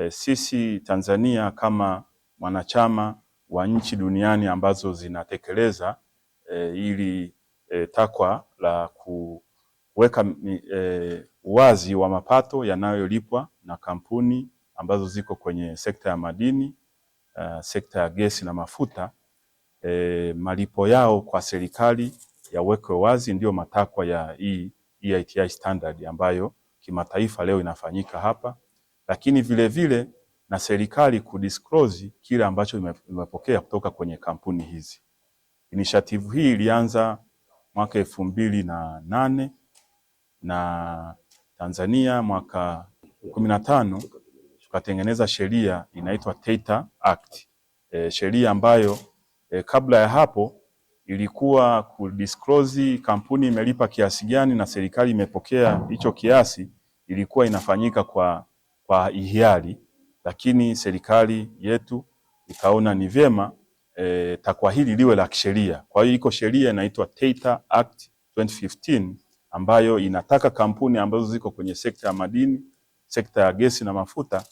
e, sisi Tanzania kama mwanachama wa nchi duniani ambazo zinatekeleza e, eh, ili e, eh, takwa la kuweka e, wa mapato yanayolipwa na kampuni ambazo ziko kwenye sekta ya madini, uh, sekta ya gesi na mafuta e, malipo yao kwa serikali yawekwe wazi, ndiyo matakwa ya hii EITI standard ambayo kimataifa leo inafanyika hapa lakini vilevile na serikali kudisclose kile ambacho imepokea kutoka kwenye kampuni hizi. Initiative hii ilianza mwaka elfu mbili na nane na Tanzania mwaka kumi na tano tukatengeneza sheria inaitwa Tata Act. E, sheria ambayo e, kabla ya hapo ilikuwa kudisclose kampuni imelipa kiasi gani na serikali imepokea hicho kiasi, ilikuwa inafanyika kwa kwa hiari, lakini serikali yetu ikaona ni vyema e, takwa hili liwe la kisheria. Kwa hiyo iko sheria inaitwa TEITA Act 2015 ambayo inataka kampuni ambazo ziko kwenye sekta ya madini, sekta ya gesi na mafuta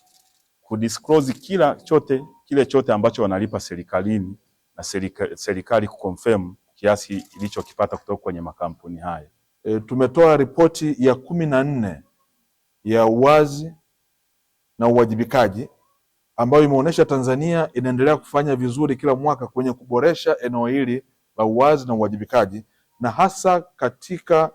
kudisclose kila chote kile chote ambacho wanalipa serikalini na serika, serikali kuconfirm kiasi ilichokipata kutoka kwenye makampuni haya. E, tumetoa ripoti ya kumi na nne ya uwazi na uwajibikaji ambayo imeonyesha Tanzania inaendelea kufanya vizuri kila mwaka kwenye kuboresha eneo hili la uwazi na uwajibikaji na hasa katika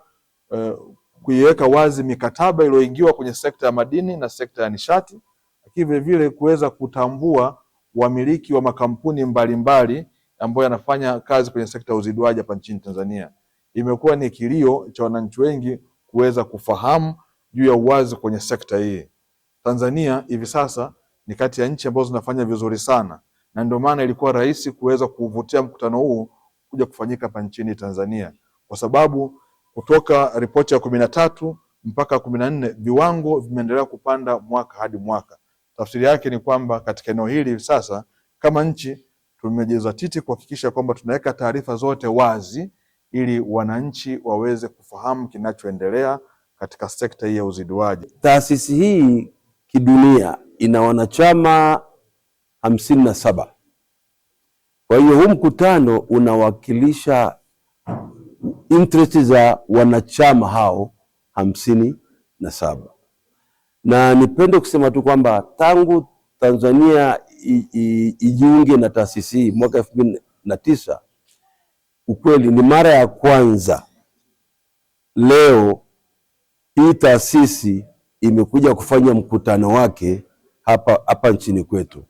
uh, kuiweka wazi mikataba iliyoingiwa kwenye sekta ya madini na sekta ya nishati, lakini vilevile kuweza kutambua wamiliki wa makampuni mbalimbali ambayo yanafanya kazi kwenye sekta ya uziduaji hapa nchini Tanzania. Imekuwa ni kilio cha wananchi wengi kuweza kufahamu juu ya uwazi kwenye sekta hii. Tanzania hivi sasa ni kati ya nchi ambazo zinafanya vizuri sana, na ndio maana ilikuwa rahisi kuweza kuvutia mkutano huu kuja kufanyika hapa nchini Tanzania, kwa sababu kutoka ripoti ya kumi na tatu mpaka kumi na nne viwango vimeendelea kupanda mwaka hadi mwaka. Tafsiri yake ni kwamba katika eneo hili hivi sasa kama nchi tumejizatiti kuhakikisha kwamba tunaweka taarifa zote wazi ili wananchi waweze kufahamu kinachoendelea katika sekta hii ya uzidiwaji. Taasisi hii kidunia ina wanachama hamsini na saba. Kwa hiyo huu mkutano unawakilisha interest za wanachama hao hamsini na saba, na nipende kusema tu kwamba tangu Tanzania ijiunge na taasisi hii mwaka elfu mbili na tisa ukweli ni mara ya kwanza leo hii taasisi imekuja kufanya mkutano wake hapa hapa nchini kwetu.